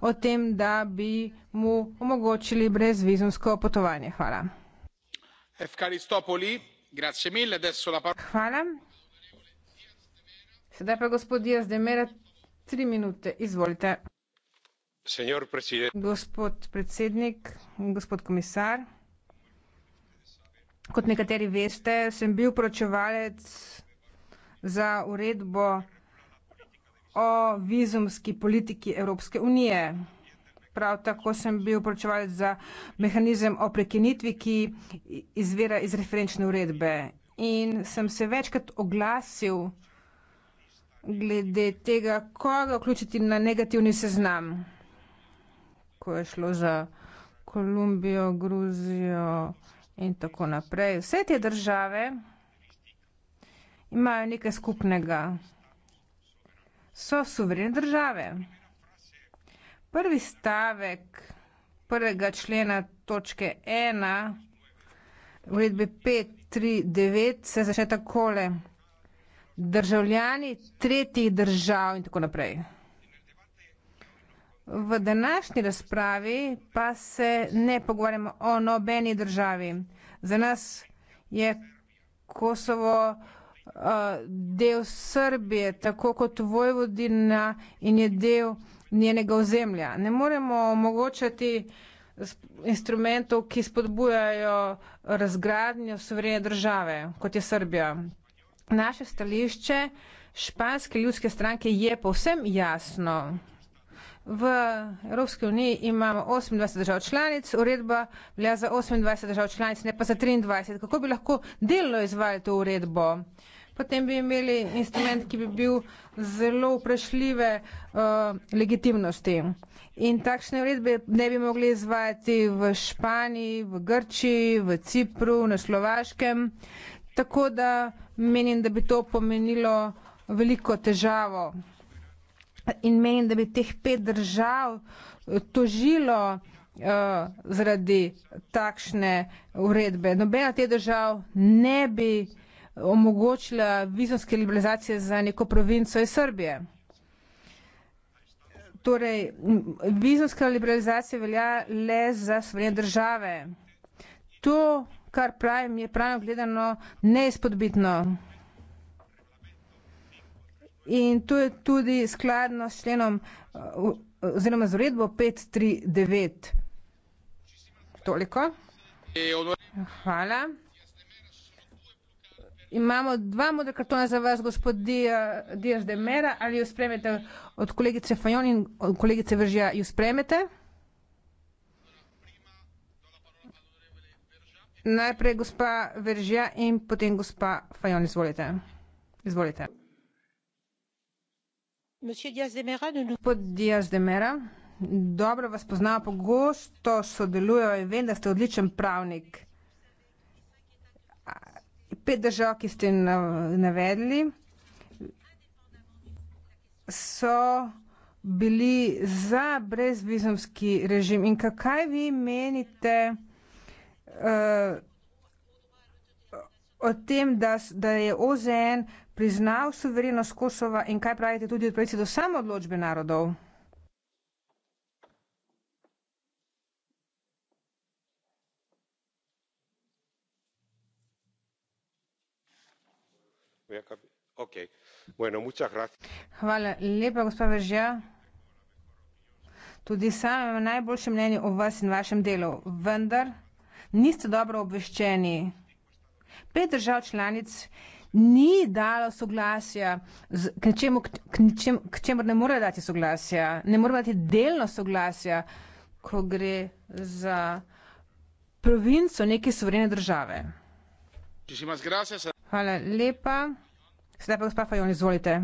o tem, da bi mu omogočili brezvizumsko potovanje. Hvala. Hvala. Sedaj pa gospod Diaz de Mera, tri minute, izvolite. Gospod predsednik, gospod komisar, kot nekateri veste, sem bil poročevalec za uredbo o vizumski politiki Evropske unije. Prav tako sem bil poročevalec za mehanizem o prekinitvi, ki izvira iz referenčne uredbe. In sem se večkrat oglasil glede tega, koga vključiti na negativni seznam, ko je šlo za Kolumbijo, Gruzijo in tako naprej. Vse te države imajo nekaj skupnega so suverene države. Prvi stavek prvega člena točke 1 uredbe 539 se začne takole. Državljani tretjih držav in tako naprej. V današnji razpravi pa se ne pogovarjamo o nobeni državi. Za nas je Kosovo del Srbije, tako kot Vojvodina in je del njenega ozemlja. Ne moremo omogočati instrumentov, ki spodbujajo razgradnjo suverene države, kot je Srbija. Naše stališče španske ljudske stranke je povsem jasno. V Evropski uniji imamo 28 držav članic, uredba velja za 28 držav članic, ne pa za 23. Kako bi lahko delno izvajali to uredbo? Potem bi imeli instrument, ki bi bil zelo vprašljive uh, legitimnosti. In takšne uredbe ne bi mogli izvajati v Španiji, v Grčiji, v Cipru, na Slovaškem. Tako da menim, da bi to pomenilo veliko težavo in menim, da bi teh pet držav eh, tožilo eh, zaradi takšne uredbe. Nobena te držav ne bi omogočila vizonske liberalizacije za neko provinco iz Srbije. Torej, vizonska liberalizacija velja le za svojene države. To, kar pravim, je pravno gledano neizpodbitno. In to je tudi skladno s členom uh, oziroma z uredbo 539. Toliko. Hvala. Imamo dva modra kartona za vas, gospod Dias de Mera. Ali jo spremete od kolegice Fajon in od kolegice Veržja? Jo spremete? Najprej gospa Veržja in potem gospa Fajon. Izvolite. Izvolite. Gospod Diaz de Mera, dobro vas poznava, pogosto sodelujeva in vem, da ste odličen pravnik. Pet držav, ki ste navedli, so bili za brezvizumski režim. In kaj vi menite uh, o tem, da, da je OZN uh, priznal suverenost Kosova in kaj pravite tudi o pravici do samoodločbe narodov? Hvala lepa, gospa Veržja. Tudi sam imam najboljše mnenje o vas in vašem delu, vendar niste dobro obveščeni. Pet držav članic ni dalo soglasja z, k, čemu, k, k, čem, k čemu ne more dati soglasja, ne more dati delno soglasja, ko gre za provinco neke suverene države. Hvala lepa. Sedaj pa gospod Fajon, izvolite.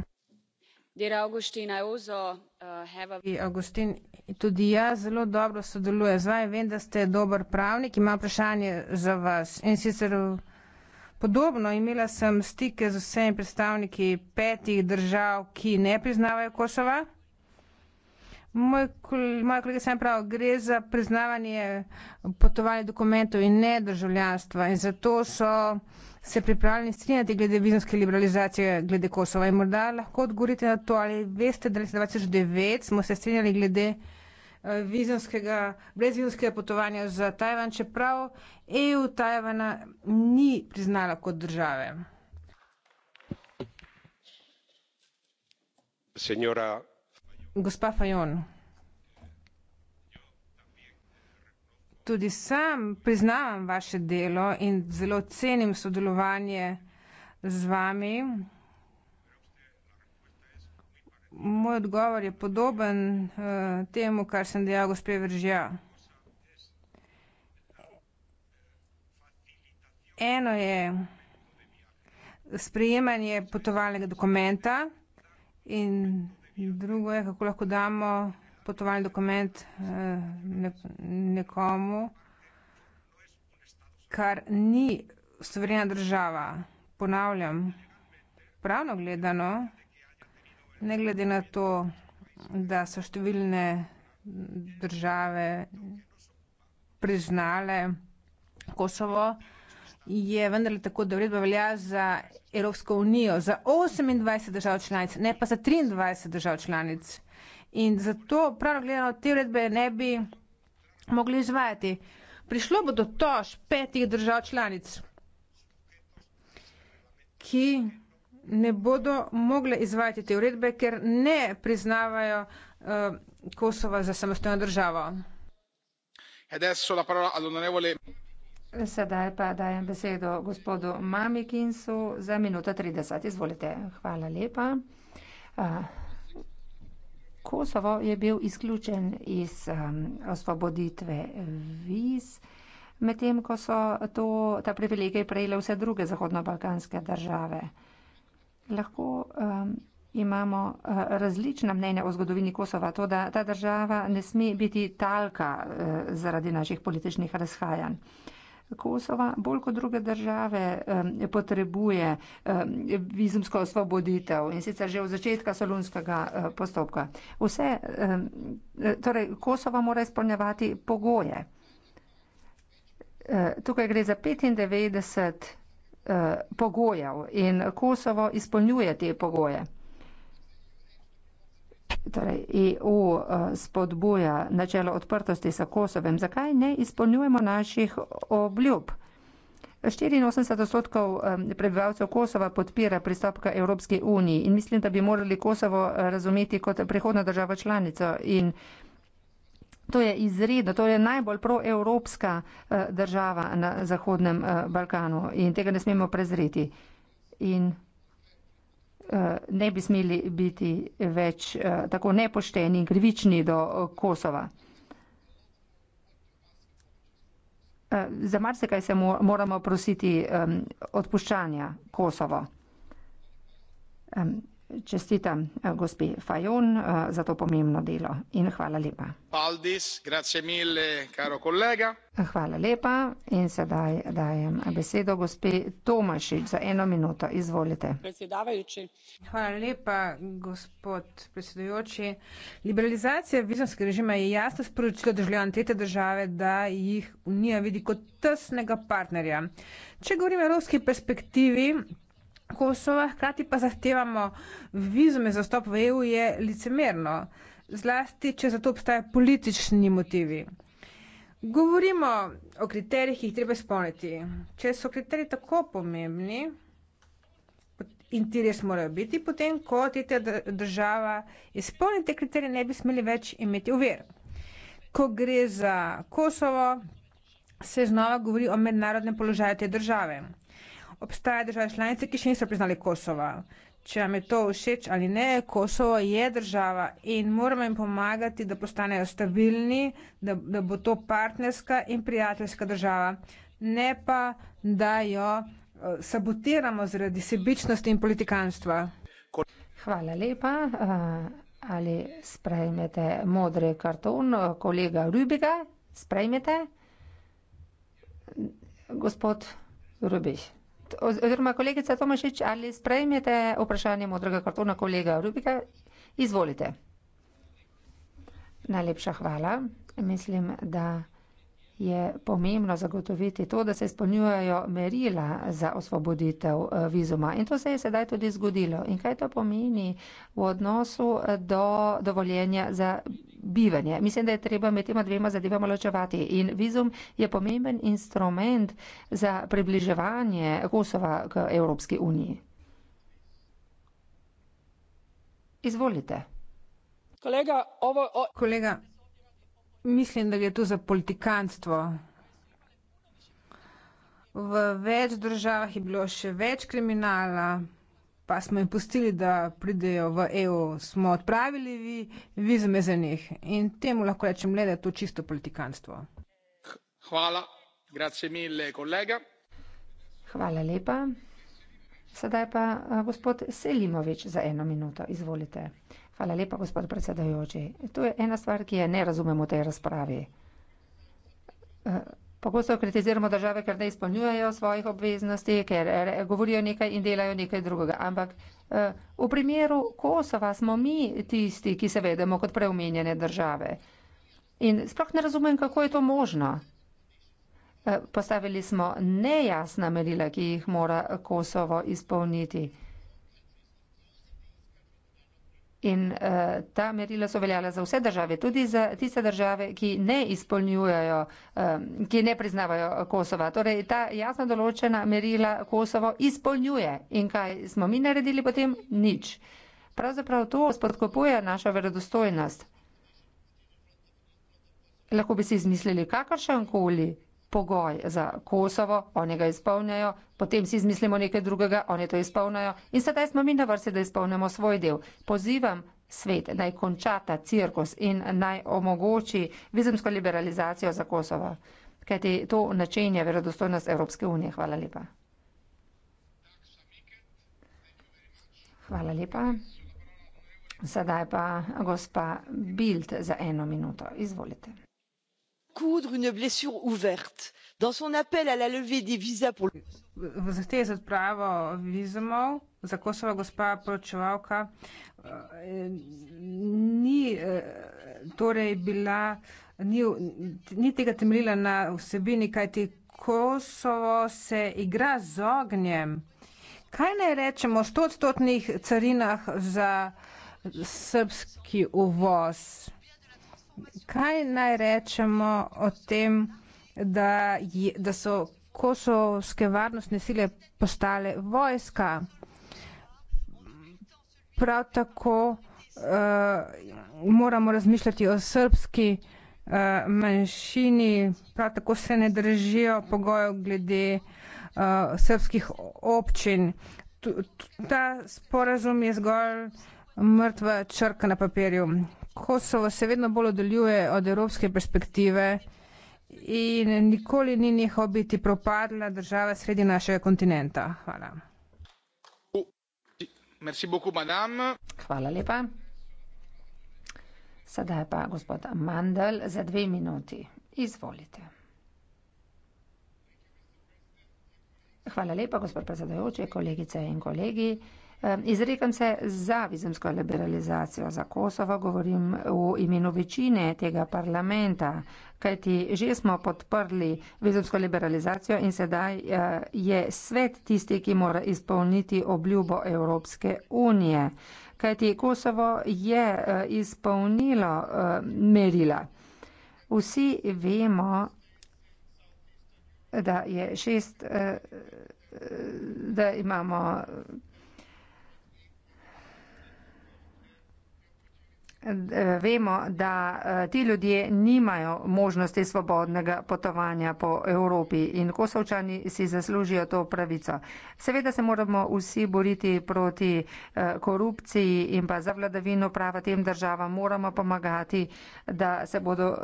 Uh, Augustin, tudi jaz zelo dobro sodelujem z vami. Vem, da ste dober pravnik. Imam vprašanje za vas. In sicer Podobno imela sem stike z vsemi predstavniki petih držav, ki ne priznavajo Kosova. Moj, moj kolega sem prav, gre za priznavanje potovanja dokumentov in ne državljanstva in zato so se pripravljeni strinjati glede vizumske liberalizacije glede Kosova in morda lahko odgovorite na to, ali veste, da leta 2009 smo se strinjali glede Eh, vizumskega, brezvizumskega potovanja za Tajvan, čeprav EU Tajvana ni priznala kot države. Señora. Gospa Fajon. Tudi sam priznavam vaše delo in zelo cenim sodelovanje z vami moj odgovor je podoben uh, temu, kar sem dejal gospe Vržja. Eno je sprejemanje potovalnega dokumenta in drugo je, kako lahko damo potovalni dokument eh, nekomu, kar ni suverena država. Ponavljam, pravno gledano ne glede na to, da so številne države priznale Kosovo, je vendar tako, da vredba velja za Evropsko unijo, za 28 držav članic, ne pa za 23 držav članic. In zato, pravno gledano, te vredbe ne bi mogli izvajati. Prišlo bo do tož petih držav članic, ki ne bodo mogle izvajati te uredbe, ker ne priznavajo uh, Kosova za samostojno državo. Sedaj pa dajem besedo gospodu Mamikinsu za minuto 30. Izvolite. Hvala lepa. Uh, Kosovo je bil izključen iz um, osvoboditve viz, medtem ko so to, ta privilegij prejele vse druge zahodno-balkanske države lahko um, imamo uh, različna mnenja o zgodovini Kosova, to da ta država ne sme biti talka uh, zaradi naših političnih razhajanj. Kosova bolj kot druge države eh, potrebuje eh, vizumsko osvoboditev in sicer že v začetka solunskega eh, postopka. Vse, eh, torej Kosova mora izpolnjevati pogoje. Eh, tukaj gre za 95 eh, Eh, pogojev in Kosovo izpolnjuje te pogoje. Torej, EU eh, spodbuja načelo odprtosti sa Kosovem. Zakaj ne izpolnjujemo naših obljub? 84 odstotkov eh, prebivalcev Kosova podpira pristop k Evropski uniji in mislim, da bi morali Kosovo razumeti kot prihodna država članica in To je izredno, to je najbolj proevropska eh, država na Zahodnem eh, Balkanu in tega ne smemo prezreti. In eh, ne bi smeli biti več tako nepošteni in krivični do Kosova. Za marsikaj se moramo prositi odpuščanja Kosovo čestitam eh, gospe fajon eh, za to pomembno delo in hvala lepa. Paldis, grazie mille, caro collega. Hvala lepa in sedaj dajem besedo gospe Tomašič za eno minuto. Izvolite. Hvala lepa, gospod predsedujoči. Liberalizacija vizumskega režima je jasno sporočilo državljanom tete države, da jih Unija vidi kot tesnega partnerja. Če govorimo o evropski perspektivi, Kosova, hkrati pa zahtevamo vizume za vstop v EU, je licemerno, zlasti, če za to obstajajo politični motivi. Govorimo o kriterijih, ki jih treba izpolniti. Če so kriteriji tako pomembni in ti res morajo biti, potem kot je ta država izpolnite kriterije, ne bi smeli več imeti uver. Ko gre za Kosovo, se znova govori o mednarodnem položaju te države obstajajo države članice, ki še niso priznali Kosova. Če vam je to všeč ali ne, Kosovo je država in moramo jim pomagati, da postanejo stabilni, da, da bo to partnerska in prijateljska država, ne pa da jo eh, sabotiramo zaradi sebičnosti in politikanstva. Hvala lepa. Eh, ali sprejmete modri karton, eh, kolega Rubiga? Sprejmete? Gospod Rubiš. Oziroma, kolegica Tomašič, ali sprejmete vprašanje modrega kartona kolega Rubika? Izvolite. Najlepša hvala. Mislim, da je pomembno zagotoviti to, da se izpolnjujejo merila za osvoboditev eh, vizuma. In to se je sedaj tudi zgodilo. In kaj to pomeni v odnosu do dovoljenja za bivanje? Mislim, da je treba med tema dvema zadevama ločevati. In vizum je pomemben instrument za približevanje Kosova k Evropski uniji. Izvolite. Kolega, ovo, o... Kolega, mislim, da gre tu za politikantstvo. V več državah je bilo še več kriminala, pa smo jim pustili, da pridejo v EU. Smo odpravili vi, vizume za njih. In temu lahko rečem le, da je to čisto politikantstvo. Hvala, grazie mille, kolega. Hvala lepa. Sedaj pa eh, gospod Selimovič za eno minuto. Izvolite. Hvala lepa, gospod predsedajoči. To je ena stvar, ki je ne razumemo v tej razpravi. Eh, pogosto kritiziramo države, ker ne izpolnjujejo svojih obveznosti, ker eh, govorijo nekaj in delajo nekaj drugega. Ampak eh, v primeru Kosova smo mi tisti, ki se vedemo kot preomenjene države. In sploh ne razumem, kako je to možno. Postavili smo nejasna merila, ki jih mora Kosovo izpolniti. In uh, ta merila so veljala za vse države, tudi za tiste države, ki ne izpolnjujejo, um, ki ne priznavajo Kosova. Torej, ta jasno določena merila Kosovo izpolnjuje. In kaj smo mi naredili potem? Nič. Pravzaprav to spodkopuje našo verodostojnost. Lahko bi si izmislili kakršen koli pogoj za Kosovo, oni ga izpolnijo, potem si izmislimo nekaj drugega, oni to izpolnijo in sedaj smo mi na vrsti, da izpolnimo svoj del. Pozivam svet naj konča ta cirkus in naj omogoči vizumsko liberalizacijo za Kosovo, kajti to načenja verodostojnost Evropske unije. Hvala lepa. Hvala lepa. Sedaj pa gospa Bild za eno minuto. Izvolite coudre une blessure ouverte. dans son appel à la levée des visas pour v zahtevi za odpravo vizumov za Kosovo, gospa poročevalka, eh, ni eh, torej bila, ni, ni tega temeljila na vsebini, kajti Kosovo se igra z ognjem. Kaj naj rečemo o stotstotnih carinah za srpski uvoz? kaj naj rečemo o tem, da, je, da so kosovske varnostne sile postale vojska? Prav tako uh, moramo razmišljati o srbski uh, manjšini, prav tako se ne držijo pogojev glede uh, srbskih občin. T ta sporazum je zgolj mrtva črka na papirju. Kosovo se vedno bolj oddaljuje od evropske perspektive in nikoli ni nehal biti propadla država sredi našega kontinenta. Hvala. Hvala lepa. Sedaj pa gospod Mandel za dve minuti. Izvolite. Hvala lepa, gospod predsedujoči, kolegice in kolegi. Izrekam se za vizumsko liberalizacijo za Kosovo, govorim v imenu večine tega parlamenta, kajti že smo podprli vizumsko liberalizacijo in sedaj eh, je svet tisti, ki mora izpolniti obljubo Evropske unije, kajti Kosovo je eh, izpolnilo eh, merila. Vsi vemo, da je šest, da imamo Eh, vemo, da eh, ti ljudje nimajo možnosti svobodnega potovanja po Evropi in kosovčani si zaslužijo to pravico. Seveda se moramo vsi boriti proti eh, korupciji in pa za vladavino prava tem državam, moramo pomagati, da se bodo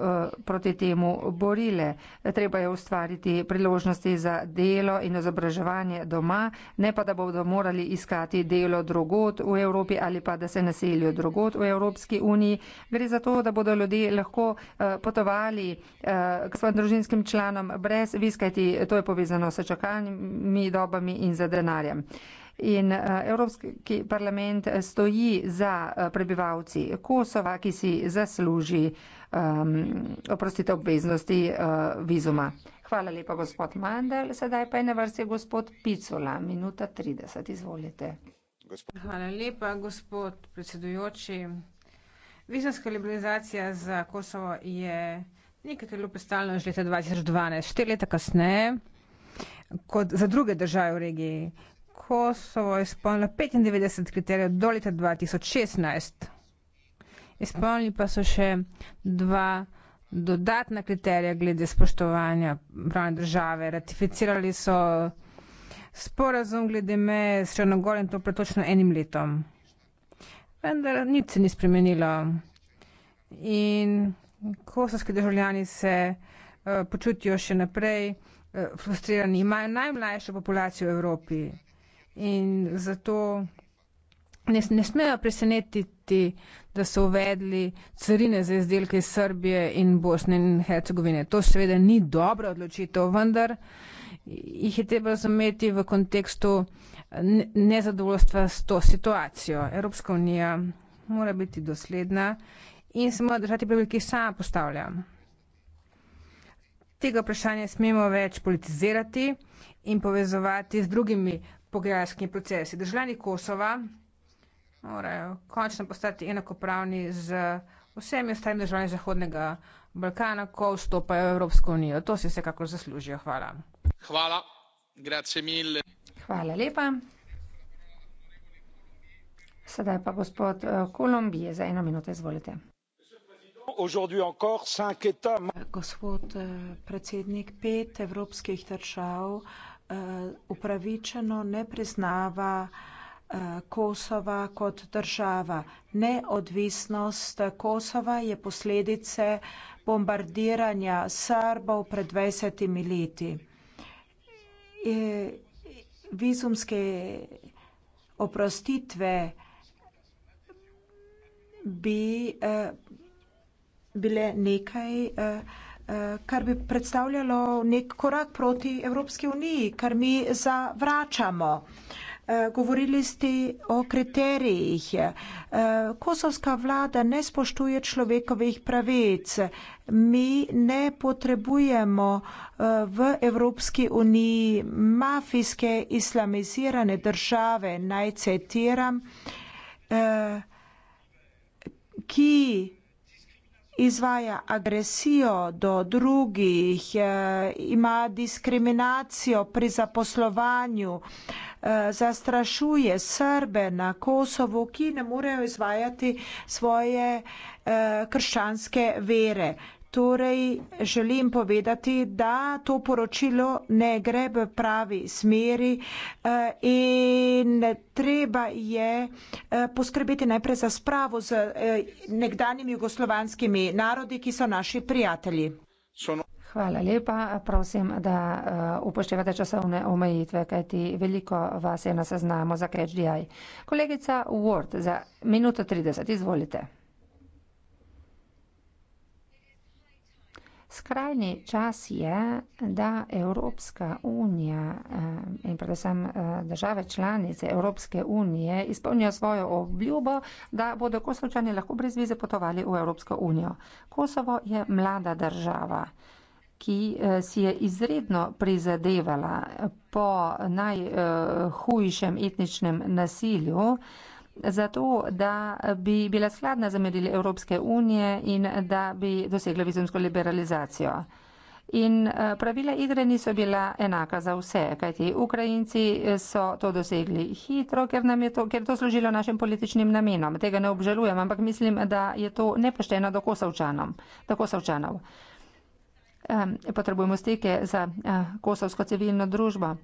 proti temu borile. Treba je ustvariti priložnosti za delo in izobraževanje doma, ne pa da bodo morali iskati delo drugot v Evropi ali pa da se naselijo drugot v Evropski uniji. Gre za to, da bodo ljudje lahko eh, potovali eh, k svojim družinskim članom brez viskati, to je povezano s čakalnimi dobami in za denarjem. In eh, Evropski parlament stoji za prebivalci Kosova, ki si zasluži um, ehm, oprostite obveznosti uh, vizuma. Hvala lepa, gospod Mandel. Sedaj pa je na vrsti gospod Picola. Minuta 30, izvolite. Hvala lepa, gospod predsedujoči. Vizijska liberalizacija za Kosovo je nekaj, kar je lupestalno že leta 2012, štiri leta kasneje, kot za druge države v regiji. Kosovo je izpolnilo 95 kriterijev do leta 2016. Izpolnili pa so še dva dodatna kriterija glede spoštovanja pravne države. Ratificirali so sporazum glede meje s Črnogorjem to pretočno enim letom vendar nič se ni spremenilo. In kosovski državljani se uh, počutijo še naprej uh, frustrirani, imajo najmlajšo populacijo v Evropi in zato ne, ne smejo presenetiti, da so uvedli carine za izdelke iz Srbije in Bosne in Hercegovine. To seveda ni dobra odločitev, vendar jih je treba razumeti v kontekstu uh, nezadovoljstva s to situacijo. Evropska unija mora biti dosledna in se mora držati pravil, ki sama postavlja. Tega vprašanja smemo več politizirati in povezovati z drugimi pogajalskimi procesi. Državljani Kosova morajo končno postati enakopravni z vsemi ostalimi državljani Zahodnega Balkana, ko vstopajo v Evropsko unijo. To si vsekakor zaslužijo. Hvala. Hvala. Grazie mille. Hvala lepa. Sedaj pa gospod Colombier, eh, za eno minuto, izvolite. Gospod eh, predsednik, pet evropskih držav eh, upravičeno ne priznava Kosova kot država. Neodvisnost Kosova je posledice bombardiranja Srbov pred 20 leti vizumske oprostitve bi eh, bile nekaj, eh, eh, kar bi predstavljalo nek korak proti Evropski uniji, kar mi zavračamo. Eh, govorili ste o kriterijih. Eh, kosovska vlada ne spoštuje človekovih pravic. Mi ne potrebujemo eh, v Evropski uniji mafijske islamizirane države, naj citiram, ki izvaja agresijo do drugih, ima diskriminacijo pri zaposlovanju, Eh, zastrašuje Srbe na Kosovo, ki ne morejo izvajati svoje eh, krščanske vere. Torej, želim povedati, da to poročilo ne gre v pravi smeri eh, in treba je poskrbeti najprej za spravo z nekdanjimi jugoslovanskimi narodi, ki so naši prijatelji. Hvala lepa. Prosim, da eh, upoštevate časovne omejitve, kajti veliko vas je na seznamu za KHDI. Kolegica Ward, za minuto 30, izvolite. Skrajni čas je, da Evropska unija eh, in predvsem eh, države članice Evropske unije izpolnijo svojo obljubo, da bodo kosovčani lahko brez vize potovali v Evropsko unijo. Kosovo je mlada država ki eh, si je izredno prizadevala po najhujšem etničnem nasilju, zato da bi bila skladna za merile Evropske unije in da bi dosegla vizumsko liberalizacijo. In eh, pravila igre niso bila enaka za vse, kajti Ukrajinci eh, so to dosegli hitro, ker, to, ker to služilo našim političnim namenom. Tega ne obžalujem, ampak mislim, da je to nepošteno do Kosovčanov potrebujemo stike z eh, kosovsko civilno družbo,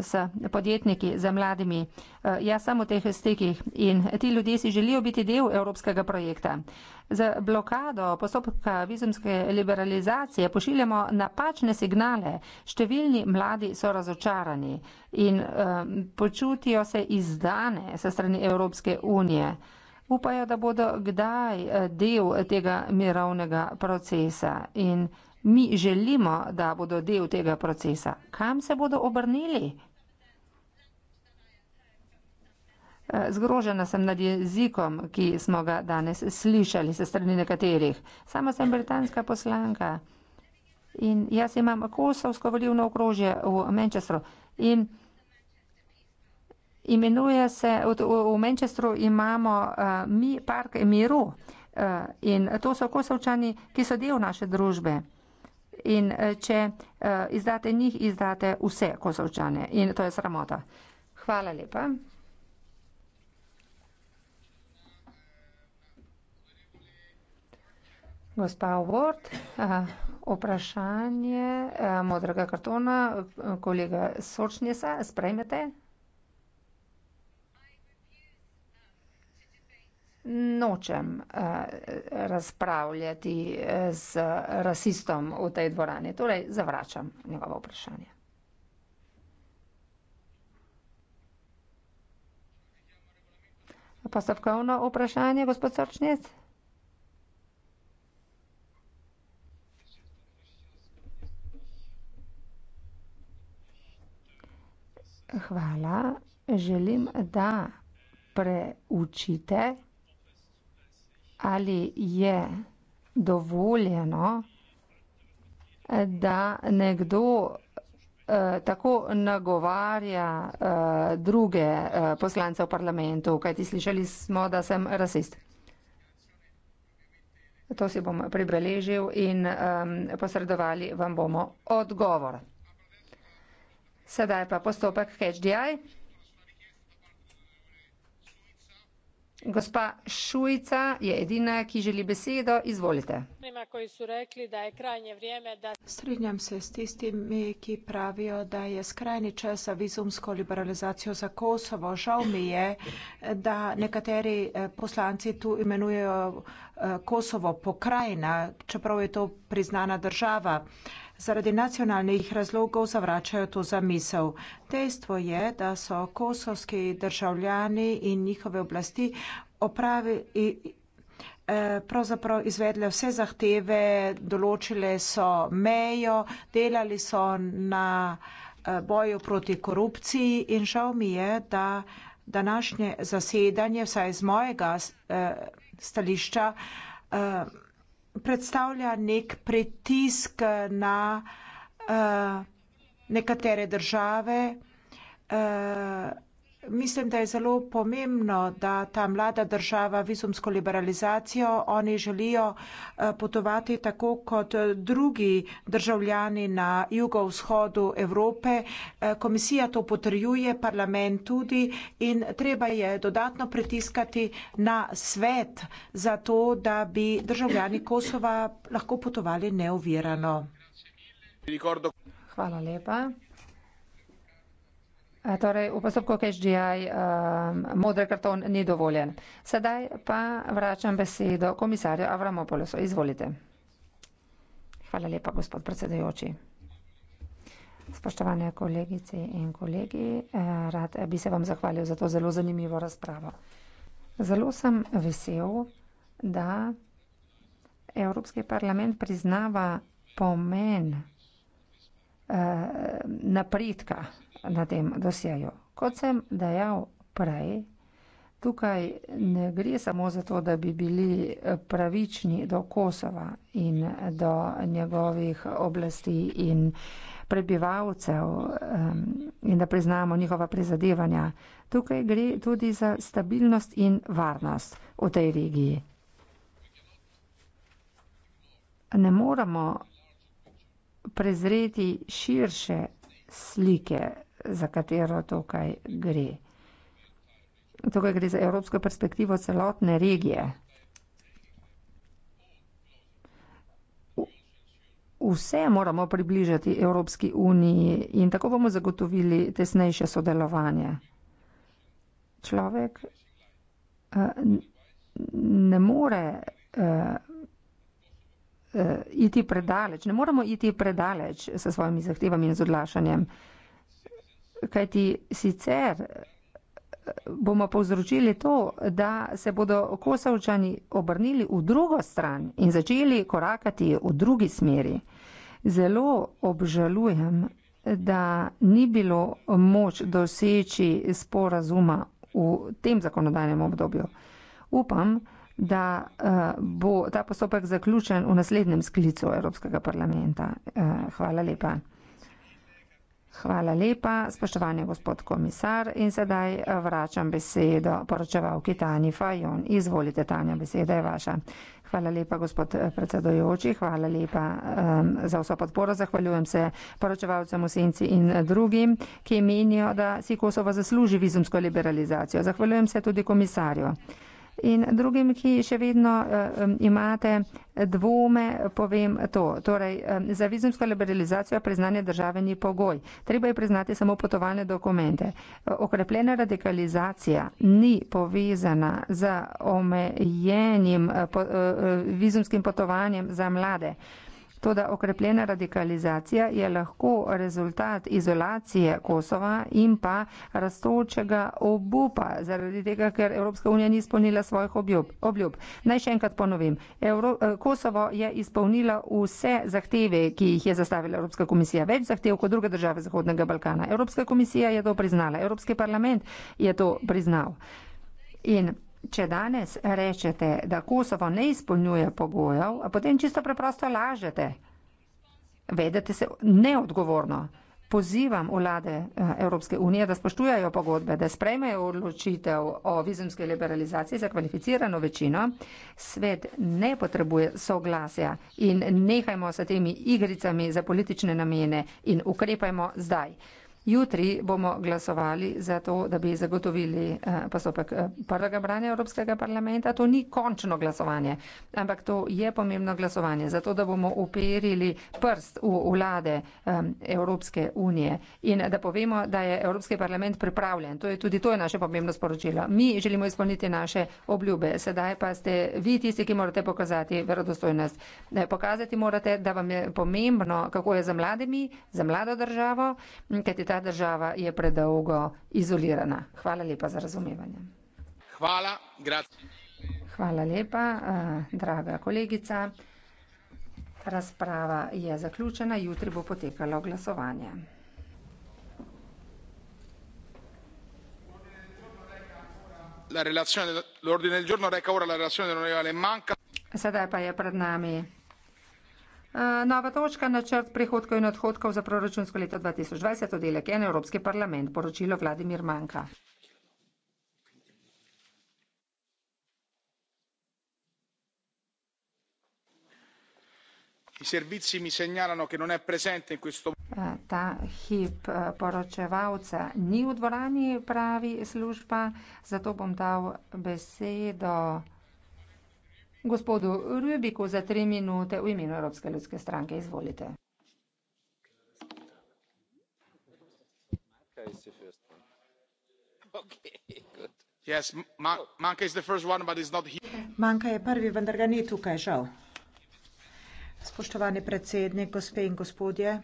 z eh, podjetniki, z mladimi. Eh, jaz sem v teh stikih in ti ljudje si želijo biti del evropskega projekta. Z blokado postopka vizumske liberalizacije pošiljamo napačne signale. Številni mladi so razočarani in počutijo se izdane sa strani Evropske unije. Upajo, da bodo kdaj del tega mirovnega procesa in mi želimo, da bodo del tega procesa. Kam se bodo obrnili? Eh, zgrožena sem nad jezikom, ki smo ga danes slišali se strani nekaterih. Sama sem britanska poslanka in jaz imam kosovsko volivno okrožje v Manchesteru in imenuje se, v, v Manchesteru imamo uh, mi park miru uh, in to so kosovčani, ki so del naše družbe in eh, če eh, izdate njih, izdate vse kozovčane in to je sramota. Hvala lepa. Gospa Ward, eh, vprašanje modrega kartona kolega Sočnjesa, sprejmete? nočem eh, razpravljati eh, z rasistom v tej dvorani. Torej, zavračam njegovo vprašanje. Postavkovno vprašanje, gospod Sorčnec? Hvala. Želim, da preučite ali je dovoljeno, da nekdo eh, tako nagovarja eh, druge eh, poslance v parlamentu, kajti slišali smo, da sem rasist. To si bom pribeležil in um, posredovali vam bomo odgovor. Sedaj pa postopek HDI. gospa šuica je edina ki želi besedo izvolite koji su rekli da je krajnje vrijeme da Strinjam se s tistimi ki pravijo da je skrajni čas za vizumsko liberalizacijo za Kosovo. Žal mi je, da nekateri eh, poslanci tu imenujejo eh, Kosovo pokrajina, čeprav je to priznana država zaradi nacionalnih razlogov zavračajo to zamisel. Dejstvo je, da so kosovski državljani in njihove oblasti opravili e, pravzaprav izvedle vse zahteve, določile so mejo, delali so na e, boju proti korupciji in žal mi je, da današnje zasedanje, vsaj iz mojega e, stališča, predstavlja nek pritisk na uh, nekatere države. Uh, Mislim, da je zelo pomembno, da ta mlada država vizumsko liberalizacijo, oni želijo eh, potovati tako kot eh, drugi državljani na jugovzhodu Evrope. Eh, komisija to potrjuje, parlament tudi in treba je dodatno pritiskati na svet za to, da bi državljani Kosova lahko potovali neovirano. Hvala lepa. Torej, v postopku KHDI uh, um, modri karton ni dovoljen. Sedaj pa vračam besedo komisarju Avramopolosu. Izvolite. Hvala lepa, gospod predsedajoči. Spoštovane kolegice in kolegi, eh, rad bi se vam zahvalil za to zelo zanimivo razpravo. Zelo sem vesel, da Evropski parlament priznava pomen eh, napredka na tem dosjeju. Kot sem dejal prej, tukaj ne gre samo za to, da bi bili pravični do Kosova in do njegovih oblasti in prebivalcev in da priznamo njihova prizadevanja. Tukaj gre tudi za stabilnost in varnost v tej regiji. Ne moramo prezreti širše slike za katero tukaj gre. Tukaj gre za evropsko perspektivo celotne regije. Vse moramo približati Evropski uniji in tako bomo zagotovili tesnejše sodelovanje. Človek uh, ne more uh, uh, iti predaleč, ne moremo iti predaleč s svojimi zahtevami in z odlašanjem. Uh, kajti sicer eh, bomo povzročili to, da se bodo kosovčani obrnili v drugo stran in začeli korakati v drugi smeri. Zelo obžalujem, da ni bilo moč doseči sporazuma v tem zakonodajnem obdobju. Upam, da eh, bo ta postopek zaključen v naslednjem sklicu Evropskega parlamenta. Eh, hvala lepa. Hvala lepa, spoštovani gospod komisar. In sedaj eh, vračam besedo poročevalki Tani Fajon. Izvolite, Tanja, beseda je vaša. Hvala lepa, gospod eh, predsedojoči, hvala lepa um, za vso podporo. Zahvaljujem se poročevalcem v Senci in eh, drugim, ki menijo, da si Kosova zasluži vizumsko liberalizacijo. Zahvaljujem se tudi komisarju. In drugim, ki še vedno eh, imate dvome, povem to. Torej, za vizumsko liberalizacijo priznanje države ni pogoj. Treba je priznati samo potovalne dokumente. Eh, okrepljena radikalizacija ni povezana z omejenim eh, vizumskim potovanjem za mlade. Toda okrepljena radikalizacija je lahko rezultat izolacije Kosova in pa rastočega obupa zaradi tega, ker Evropska unija ni izpolnila svojih obljub. obljub. Naj še enkrat ponovim. Evro, eh, Kosovo je izpolnila vse zahteve, ki jih je zastavila Evropska komisija. Več zahtev kot druge države Zahodnega Balkana. Evropska komisija je to priznala. Evropski parlament je to priznal. In Če danes rečete, da Kosovo ne izpolnjuje pogojev, potem čisto preprosto lažete. Vedete se neodgovorno. Pozivam vlade eh, Evropske unije, da spoštujajo pogodbe, da sprejmejo odločitev o vizumske liberalizaciji za kvalificirano večino. Svet ne potrebuje soglasja in nehajmo se temi igricami za politične namene in ukrepajmo zdaj. Jutri bomo glasovali za to, da bi zagotovili eh, postopek eh, prvega branja Evropskega parlamenta. To ni končno glasovanje, ampak to je pomembno glasovanje, zato da bomo uperili prst v vlade eh, Evropske unije in da povemo, da je Evropski parlament pripravljen. To je tudi to je naše pomembno sporočilo. Mi želimo izpolniti naše obljube. Sedaj pa ste vi tisti, ki morate pokazati verodostojnost. Pokazati morate, da vam je pomembno, kako je za mladimi, za mlado državo, kajti ta država je predolgo izolirana. Hvala lepa za razumevanje. Hvala, Hvala lepa, eh, draga kolegica. Razprava je zaključena, jutri bo potekalo glasovanje. La relazione, l'ordine del giorno reca ora la relazione dell'onorevole Manca. Sedaj pa je pred nami Eh, nova točka načrt prihodkov in odhodkov za proračunsko leto 2020 oddelek en Evropski parlament. Poročilo Vladimir Manka. Eh, ta hip eh, poročevalca ni v dvorani, pravi služba, zato bom dal besedo Gospodu Rubiku za tri minute v imenu Evropske ljudske stranke. Izvolite. Manjka je prvi, vendar ga ni tukaj, žal. Spoštovani predsednik, gospe in gospodje,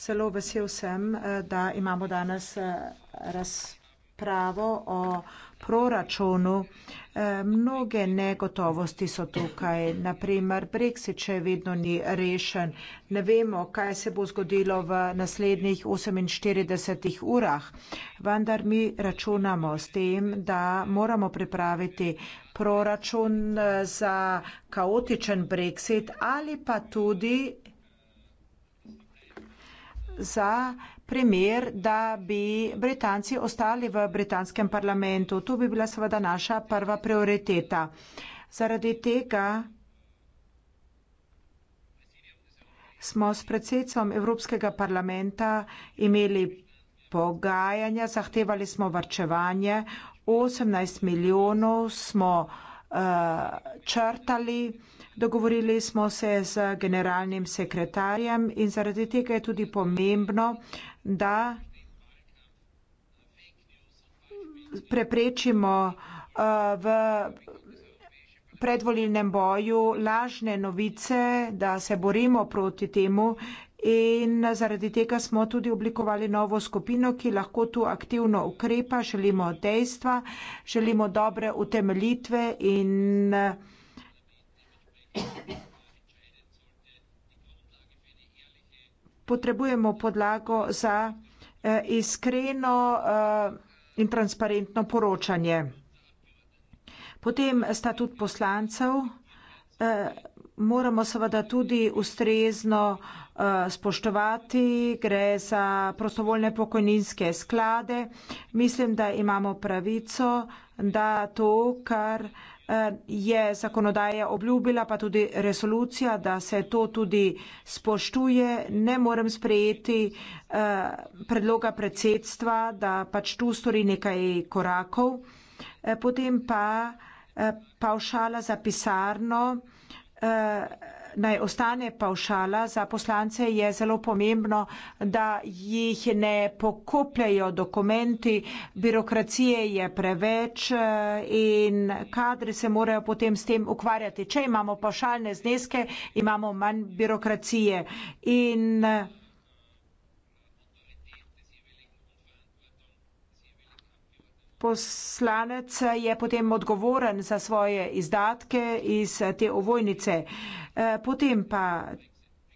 zelo vesel sem, eh, da imamo danes eh, razpravo pravo o proračunu. E, mnoge negotovosti so tukaj. Naprimer, Brexit še vedno ni rešen. Ne vemo, kaj se bo zgodilo v naslednjih 48 urah. Vendar mi računamo s tem, da moramo pripraviti proračun e, za kaotičen Brexit ali pa tudi za primer, da bi Britanci ostali v britanskem parlamentu. To bi bila seveda naša prva prioriteta. Zaradi tega smo s predsedcem Evropskega parlamenta imeli pogajanja, zahtevali smo varčevanje, 18 milijonov smo eh, črtali, dogovorili smo se z generalnim sekretarjem in zaradi tega je tudi pomembno, da preprečimo eh, v predvolilnem boju lažne novice, da se borimo proti temu in zaradi tega smo tudi oblikovali novo skupino, ki lahko tu aktivno ukrepa, želimo dejstva, želimo dobre utemeljitve in potrebujemo podlago za eh, iskreno eh, in transparentno poročanje. Potem statut poslancev. Eh, moramo seveda tudi ustrezno spoštovati, gre za prostovoljne pokojninske sklade. Mislim, da imamo pravico, da to, kar je zakonodaja obljubila, pa tudi resolucija, da se to tudi spoštuje. Ne morem sprejeti eh, predloga predsedstva, da pač tu stori nekaj korakov. Eh, potem pa eh, pavšala za pisarno naj ostane pavšala za poslance, je zelo pomembno, da jih ne pokopljajo dokumenti, birokracije je preveč eh, in kadri se morajo potem s tem ukvarjati. Če imamo pavšalne zneske, imamo manj birokracije. In eh, poslanec je potem odgovoren za svoje izdatke iz eh, te ovojnice. Eh, potem pa,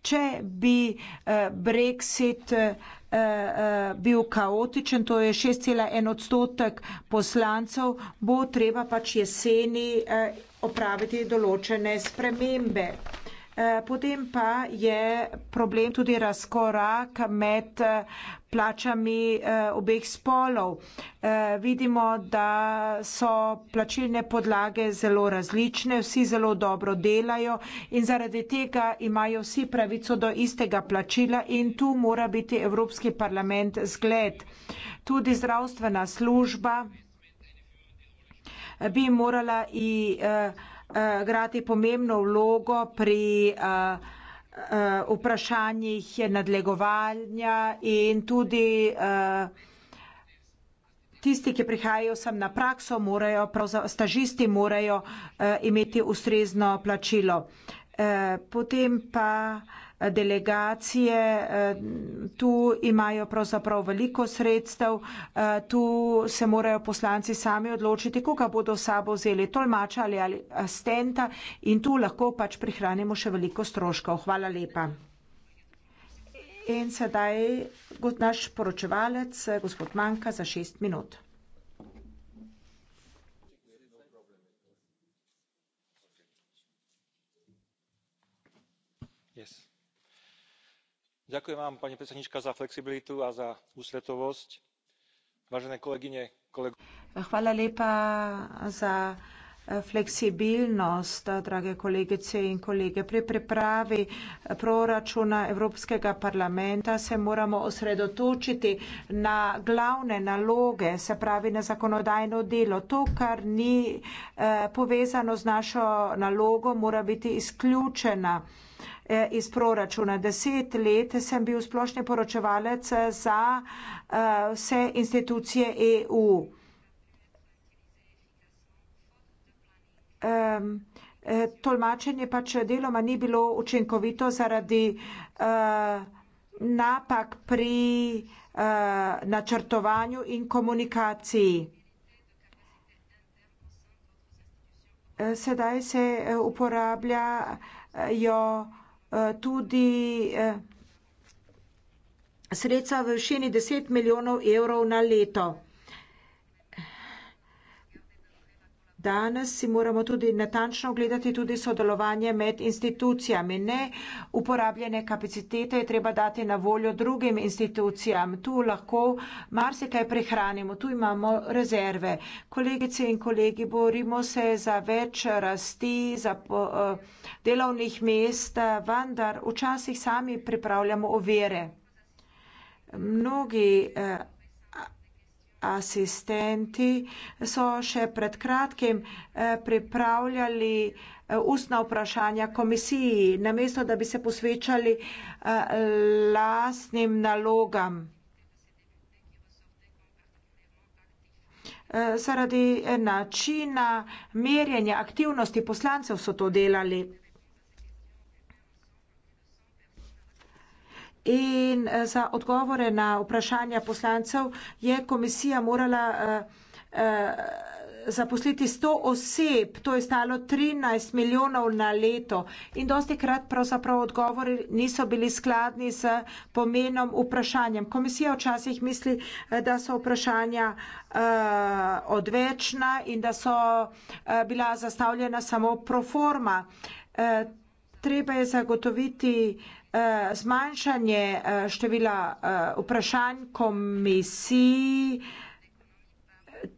če bi eh, Brexit bil kaotičen, to je 6,1 odstotek poslancev, bo treba pač jeseni opraviti določene spremembe. Eh, potem pa je problem tudi razkorak med eh, plačami eh, obeh spolov. Vidimo, da so plačilne podlage zelo različne, vsi zelo dobro delajo in zaradi tega imajo vsi pravico do istega plačila in tu mora biti Evropski parlament zgled. Tudi zdravstvena služba bi morala i. Uh, Eh, igrati pomembno vlogo pri eh, eh, vprašanjih nadlegovanja in tudi tisti, ki prihajajo sem na prakso, morajo, stažisti morajo imeti ustrezno plačilo. Potem pa delegacije. Eh, tu imajo pravzaprav veliko sredstev, eh, tu se morajo poslanci sami odločiti, koga bodo sabo vzeli, tolmača ali asistenta in tu lahko pač prihranimo še veliko stroškov. Hvala lepa. In sedaj naš poročevalec, eh, gospod Manka, za šest minut. Yes ďakujem vám pani predsedníčka za flexibilitu a za ústretovosť. vážené kolegyne kolegovia. hvala lepa za eh, fleksibilnost drage kolegice in kolegi. pri pripravi eh, proračuna evropskega parlamenta se moramo osredotočiti na glavne naloge se pravi na zakonodajno delo. to kar ni eh, povezano z našo nalogo mora biti izključena. E, iz proračuna. Deset let sem bil splošni poročevalec za e, vse institucije EU. E, tolmačenje pač deloma ni bilo učinkovito zaradi napak pri načrtovanju in komunikaciji. Sedaj se uporablja vsega, jo eh, tudi eh, sredstva v višini 10 milijonov evrov na leto. Danes si moramo tudi natančno gledati tudi sodelovanje med institucijami. Ne uporabljene kapacitete je treba dati na voljo drugim institucijam. Tu lahko marsikaj prihranimo, tu imamo rezerve. Kolegice in kolegi, borimo se za več rasti, za po, eh, delovnih mest, vendar včasih sami pripravljamo ovire. Mnogi eh, asistenti so še pred kratkim eh, pripravljali eh, ustna vprašanja komisiji, namesto da bi se posvečali eh, lastnim nalogam. Zaradi načina merjenja aktivnosti poslancev so to delali. In eh, za odgovore na vprašanja poslancev je komisija morala eh, eh, zaposliti 100 oseb, to je stalo 13 milijonov na leto. In dosti krat pravzaprav odgovori niso bili skladni z pomenom vprašanjem. Komisija včasih misli, da so vprašanja odvečna in da so bila zastavljena samo pro forma. Treba je zagotoviti Eh, zmanjšanje eh, števila eh, vprašanj komisiji.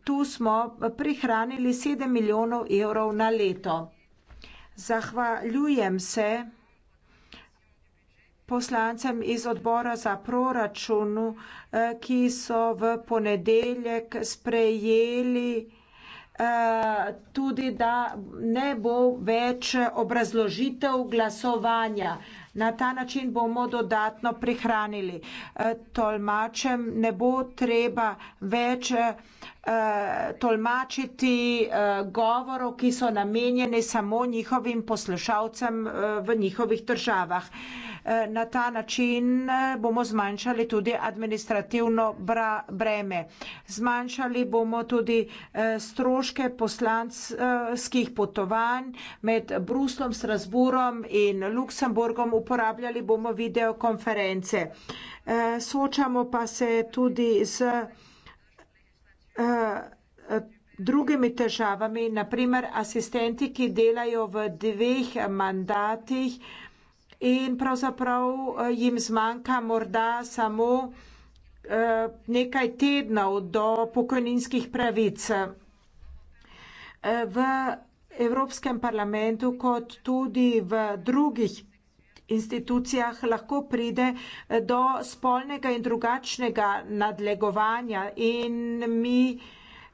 Tu smo prihranili 7 milijonov evrov na leto. Zahvaljujem se poslancem iz odbora za proračunu, ki so v ponedeljek sprejeli tudi, da ne bo več obrazložitev glasovanja. Na ta način bomo dodatno prihranili. E, tolmačem ne bo treba več e, e, tolmačiti govorov, ki so namenjeni samo njihovim poslušalcem v njihovih državah. Eh, na ta način eh, bomo zmanjšali tudi administrativno breme. Zmanjšali bomo tudi eh, stroške poslanskih potovanj med Bruslom, Strasburom in Luksemburgom. Uporabljali bomo videokonference. Sočamo pa se tudi z drugimi težavami, naprimer asistenti, ki delajo v dveh mandatih, in pravzaprav eh, jim zmanjka morda samo eh, nekaj tednov do pokojninskih pravic. Eh, v Evropskem parlamentu, kot tudi v drugih institucijah lahko pride do spolnega in drugačnega nadlegovanja in mi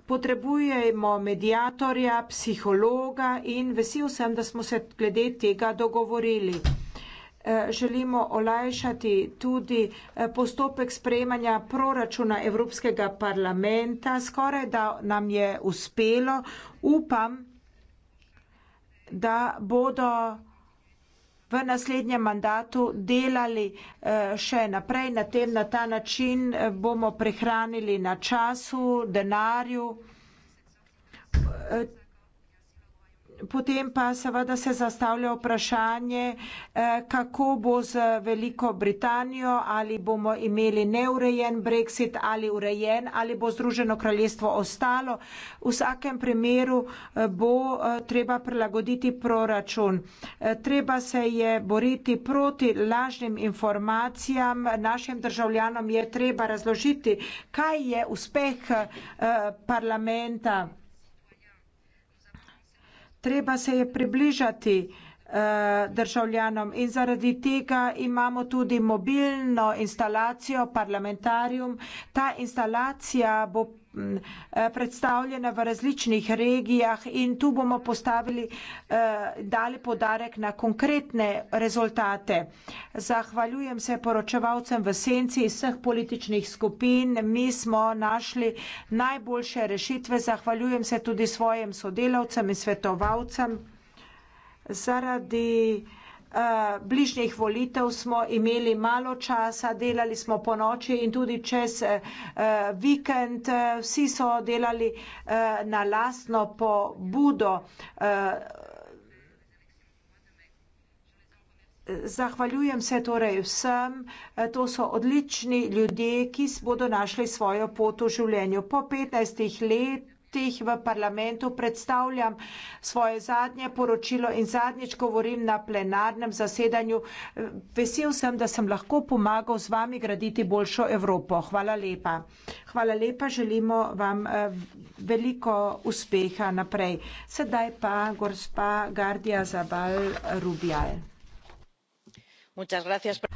potrebujemo medijatorja, psihologa in vesel sem, da smo se glede tega dogovorili želimo olajšati tudi eh, postopek sprejemanja proračuna Evropskega parlamenta. Skoraj da nam je uspelo. Upam, da bodo v naslednjem mandatu delali eh, še naprej na tem, na ta način eh, bomo prehranili na času, denarju. Potem pa seveda se zastavlja vprašanje, eh, kako bo z Veliko Britanijo, ali bomo imeli neurejen Brexit ali urejen, ali bo Združeno kraljestvo ostalo. V vsakem primeru eh, bo eh, treba prilagoditi proračun. Treba se je boriti proti lažnim informacijam. Našim državljanom je treba razložiti, kaj je uspeh parlamenta treba se je približati eh, državljanom in zaradi tega imamo tudi mobilno instalacijo parlamentarjum. Ta instalacija bo Eh, predstavljena v različnih regijah in tu bomo postavili, eh, dali podarek na konkretne rezultate. Zahvaljujem se poročevalcem v senci iz vseh političnih skupin, mi smo našli najboljše rešitve, zahvaljujem se tudi svojim sodelavcem in svetovalcem zaradi Eh, bližnjih volitev smo imeli malo časa, delali smo po noči in tudi čez uh, vikend. Eh, vsi so delali uh, na lastno pobudo. Uh, zahvaljujem se torej vsem. To so odlični ljudje, ki bodo našli svojo pot v življenju. Po 15 letih gostih v parlamentu, predstavljam svoje zadnje poročilo in zadnjič govorim na plenarnem zasedanju. Vesel sem, da sem lahko pomagal z vami graditi boljšo Evropo. Hvala lepa. Hvala lepa, želimo vam eh, veliko uspeha naprej. Sedaj pa gospa Gardija Zabal Rubjal.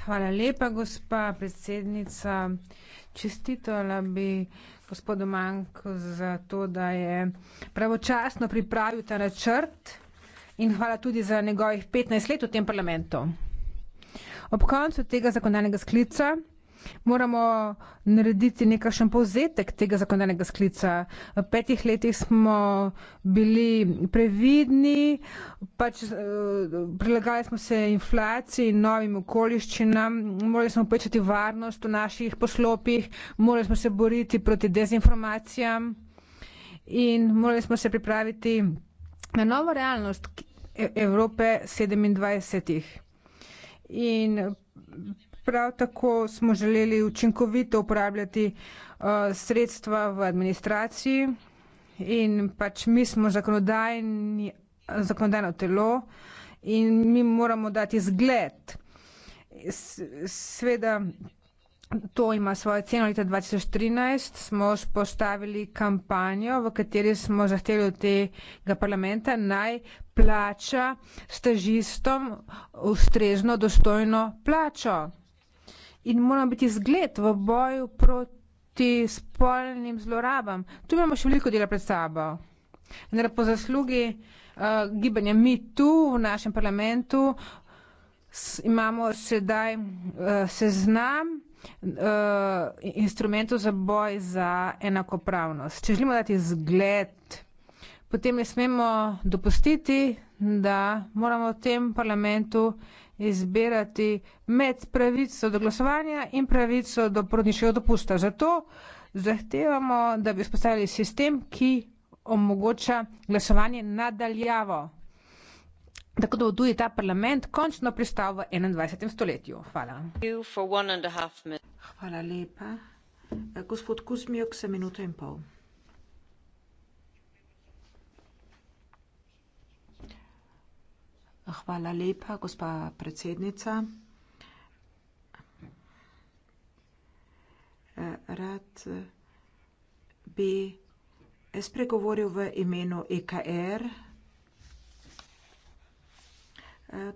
Hvala lepa, gospa predsednica. Čestitala bi gospodu Manku za to, da je pravočasno pripravil ta načrt in hvala tudi za njegovih 15 let v tem parlamentu. Ob koncu tega zakonodajnega sklica moramo narediti nekakšen povzetek tega zakonodajnega sklica. V petih letih smo bili previdni, pač eh, prilagajali smo se inflaciji in novim okoliščinam, morali smo povečati varnost v naših poslopih, morali smo se boriti proti dezinformacijam in morali smo se pripraviti na novo realnost Evrope 27. In prav tako smo želeli učinkovito uporabljati uh, sredstva v administraciji in pač mi smo zakonodajni, zakonodajno telo in mi moramo dati zgled. Sveda to ima svojo ceno. Leta 2013 smo spostavili kampanjo, v kateri smo zahteli od tega parlamenta naj plača stažistom ustrezno dostojno plačo in moramo biti zgled v boju proti spolnim zlorabam. Tu imamo še veliko dela pred sabo. Ne, po zaslugi uh, gibanja mi tu v našem parlamentu s, imamo sedaj uh, seznam uh, instrumentov za boj za enakopravnost. Če želimo dati zgled, potem ne smemo dopustiti, da moramo v tem parlamentu izbirati med pravico do glasovanja in pravico do porodniškega dopusta. Zato zahtevamo, da bi vzpostavili sistem, ki omogoča glasovanje nadaljavo. Tako da bo tudi ta parlament končno pristal v 21. stoletju. Hvala. Hvala lepa. Gospod Kuzmijok, za minuto in pol. Hvala lepa, gospa predsednica. Rad bi spregovoril v imenu EKR.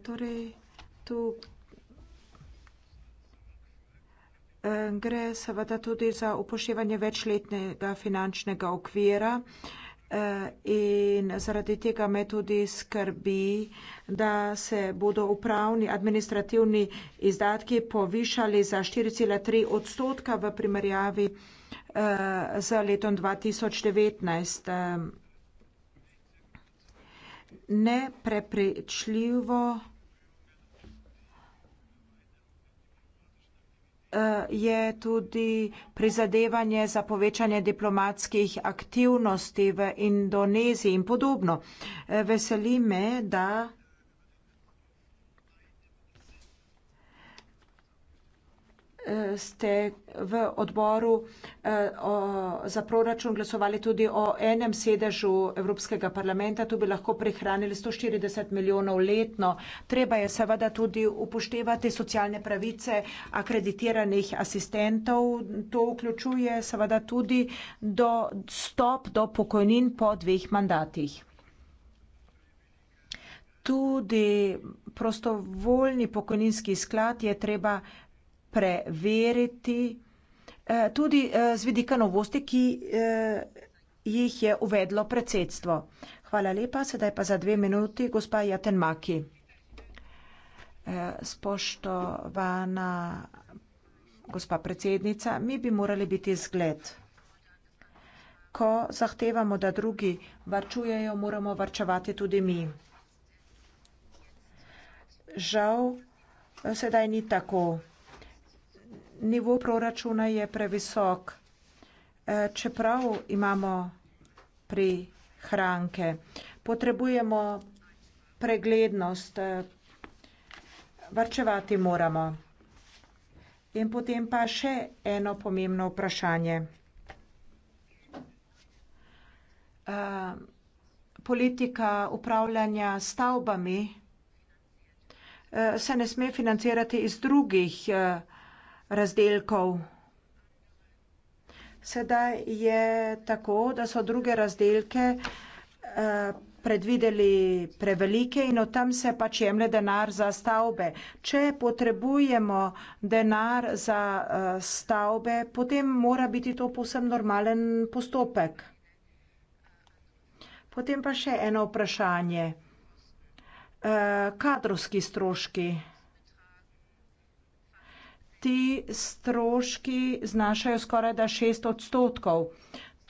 Torej tu gre seveda tudi za upoštevanje večletnega finančnega okvira. Eh, in zaradi tega me tudi skrbi, da se bodo upravni administrativni izdatki povišali za 4,3 odstotka v primerjavi eh, z letom 2019. Eh, neprepričljivo. je tudi prizadevanje za povečanje diplomatskih aktivnosti v Indoneziji in podobno. Veseli me, da ste v odboru eh, za proračun glasovali tudi o enem sedežu Evropskega parlamenta, tu bi lahko prihranili 140 milijonov letno. Treba je seveda tudi upoštevati socialne pravice akreditiranih asistentov. To vključuje seveda tudi do stop do pokojnin po dveh mandatih. Tudi prostovoljni pokojninski sklad je treba preveriti eh, tudi eh, z vidika novosti, ki eh, jih je uvedlo predsedstvo. Hvala lepa, sedaj pa za dve minuti gospa Jatenmaki. Spoštovana gospa predsednica, mi bi morali biti zgled. Ko zahtevamo, da drugi varčujejo, moramo varčevati tudi mi. Žal, sedaj ni tako nivo proračuna je previsok, eh, čeprav imamo prihranke. Potrebujemo preglednost, eh, varčevati moramo. In potem pa še eno pomembno vprašanje. Eh, politika upravljanja stavbami se ne sme financirati iz drugih razdelkov. Sedaj je tako, da so druge razdelke eh, predvideli prevelike in od tam se pač jemlje denar za stavbe. Če potrebujemo denar za eh, stavbe, potem mora biti to posebno normalen postopek. Potem pa še eno vprašanje. Eh, kadrovski stroški ti stroški znašajo skoraj da šest odstotkov.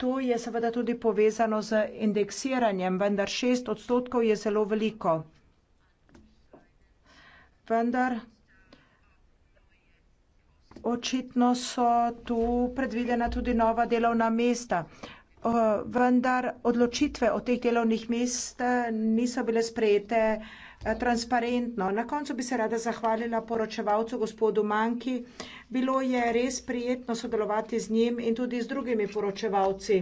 To je seveda tudi povezano z indeksiranjem, vendar šest odstotkov je zelo veliko. Vendar očitno so tu predvidena tudi nova delovna mesta. Vendar odločitve o teh delovnih mest niso bile sprejete. Eh, transparentno. Na koncu bi se rada zahvalila poročevalcu gospodu Manki. Bilo je res prijetno sodelovati z njim in tudi z drugimi poročevalci.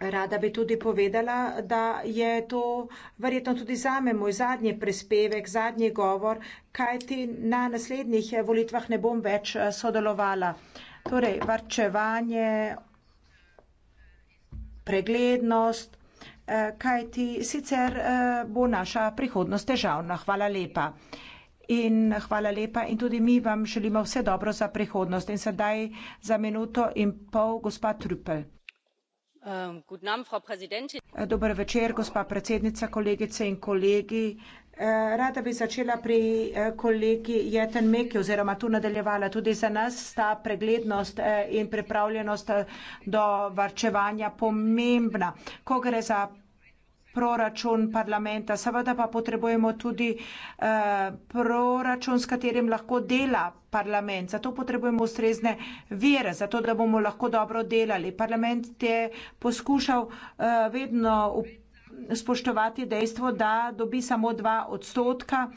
Rada bi tudi povedala, da je to verjetno tudi zame moj zadnji prispevek, zadnji govor, kajti na naslednjih eh, volitvah ne bom več eh, sodelovala. Torej, varčevanje, preglednost, Eh, kajti sicer eh, bo naša prihodnost težavna. Hvala lepa. In hvala lepa in tudi mi vam želimo vse dobro za prihodnost. In sedaj za minuto in pol gospa Trupel. Um, dober večer gospa predsednica kolegice in kolegi eh, rada bi začela pri eh, kolegi Jettenmeki oziroma tu nadaljevala tudi za nas sta preglednost eh, in pripravljenost do varčevanja pomembna ko gre za proračun parlamenta. Seveda pa potrebujemo tudi eh, proračun, s katerim lahko dela parlament. Zato potrebujemo ustrezne vire, zato da bomo lahko dobro delali. Parlament je poskušal eh, vedno upraviti spoštovati dejstvo, da dobi samo dva odstotka,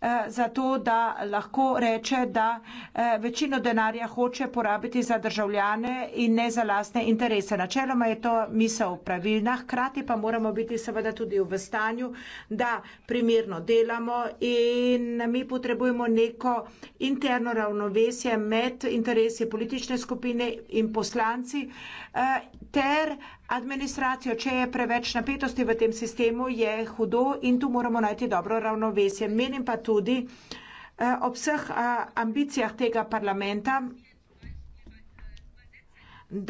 eh, zato da lahko reče, da eh, večino denarja hoče porabiti za državljane in ne za lastne interese. Načeloma je to misel pravilna, hkrati pa moramo biti seveda tudi v stanju, da primirno delamo in mi potrebujemo neko interno ravnovesje med interesi politične skupine in poslanci, eh, ter administracijo. Če je preveč napetosti v tem sistemu, je hudo in tu moramo najti dobro ravnovesje. Menim pa tudi eh, ob vseh eh, ambicijah tega parlamenta,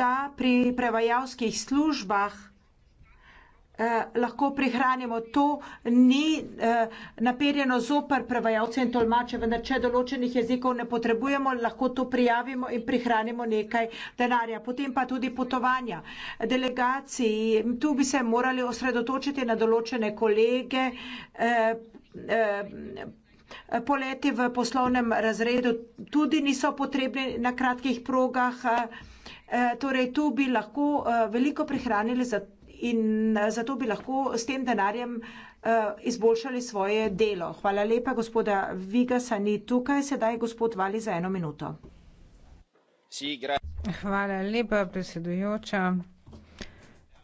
da pri prevajalskih službah eh, lahko prihranimo. To ni eh, naperjeno zopr prevajalce in tolmače, vendar če določenih jezikov ne potrebujemo, lahko to prijavimo in prihranimo nekaj denarja. Potem pa tudi potovanja. Delegaciji, tu bi se morali osredotočiti na določene kolege. Eh, eh, Poleti v poslovnem razredu tudi niso potrebni na kratkih progah, eh, torej tu bi lahko eh, veliko prihranili za in eh, zato bi lahko s tem denarjem eh, izboljšali svoje delo. Hvala lepa, gospoda Vigasa ni tukaj, sedaj gospod Vali za eno minuto. Hvala lepa, predsedujoča.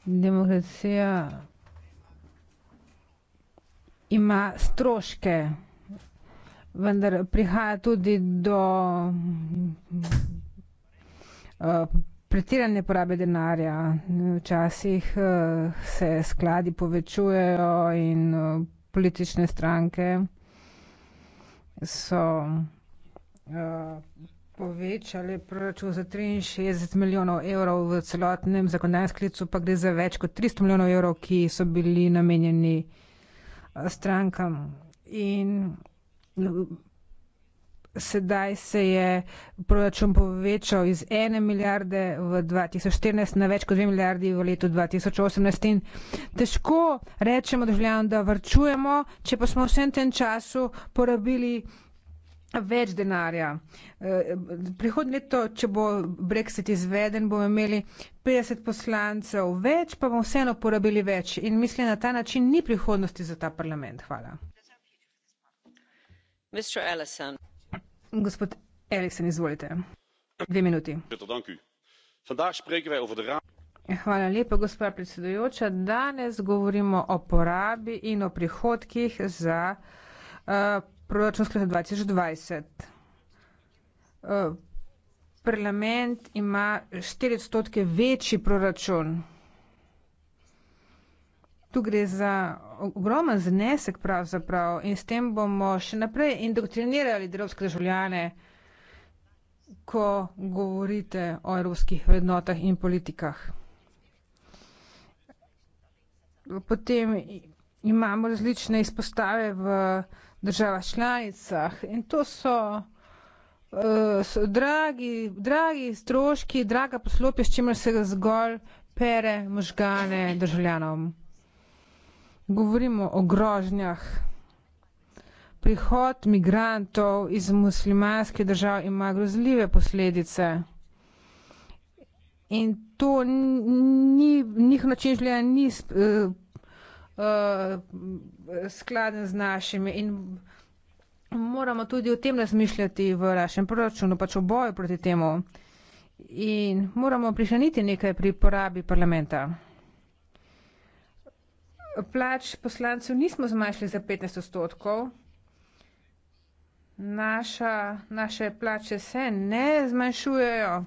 Demokracija ima stroške, vendar prihaja tudi do eh, pretirane porabe denarja. Včasih eh, se skladi povečujejo in eh, politične stranke so eh, povečali proračun za 63 milijonov evrov v celotnem zakonodajnem sklicu, pa gre za več kot 300 milijonov evrov, ki so bili namenjeni strankam. In Sedaj se je proračun povečal iz 1 milijarde v 2014 na več kot 2 milijardi v letu 2018. In težko rečemo državljanom, da vrčujemo, če pa smo vsem tem času porabili več denarja. Eh, prihodnje leto, če bo Brexit izveden, bomo imeli 50 poslancev več, pa bomo vseeno porabili več. In mislim, na ta način ni prihodnosti za ta parlament. Hvala. Mr. Ellison gospod eriksson izvolite dve minuti hvala lepa gospa predsedujoča danes govorimo o porabi in o prihodkih za uh, proračunsko leto dvajset dvajset eh, parlament ima štiri odstotke večji proračun Tu gre za ogromen znesek pravzaprav in s tem bomo še naprej indoktrinirali drobske državljane, ko govorite o evropskih vrednotah in politikah. Potem imamo različne izpostave v državah članicah in to so, eh, so dragi, dragi stroški, draga poslopja, s čimer se zgolj pere možgane državljanom govorimo o grožnjah. Prihod migrantov iz muslimanskih držav ima grozljive posledice. In to ni, njih način življenja ni uh, uh, skladen z našimi. In moramo tudi o tem razmišljati v našem proračunu, pač o boju proti temu. In moramo prišaniti nekaj pri porabi parlamenta plač poslancev nismo zmanjšali za 15 odstotkov, Naša, naše plače se ne zmanjšujejo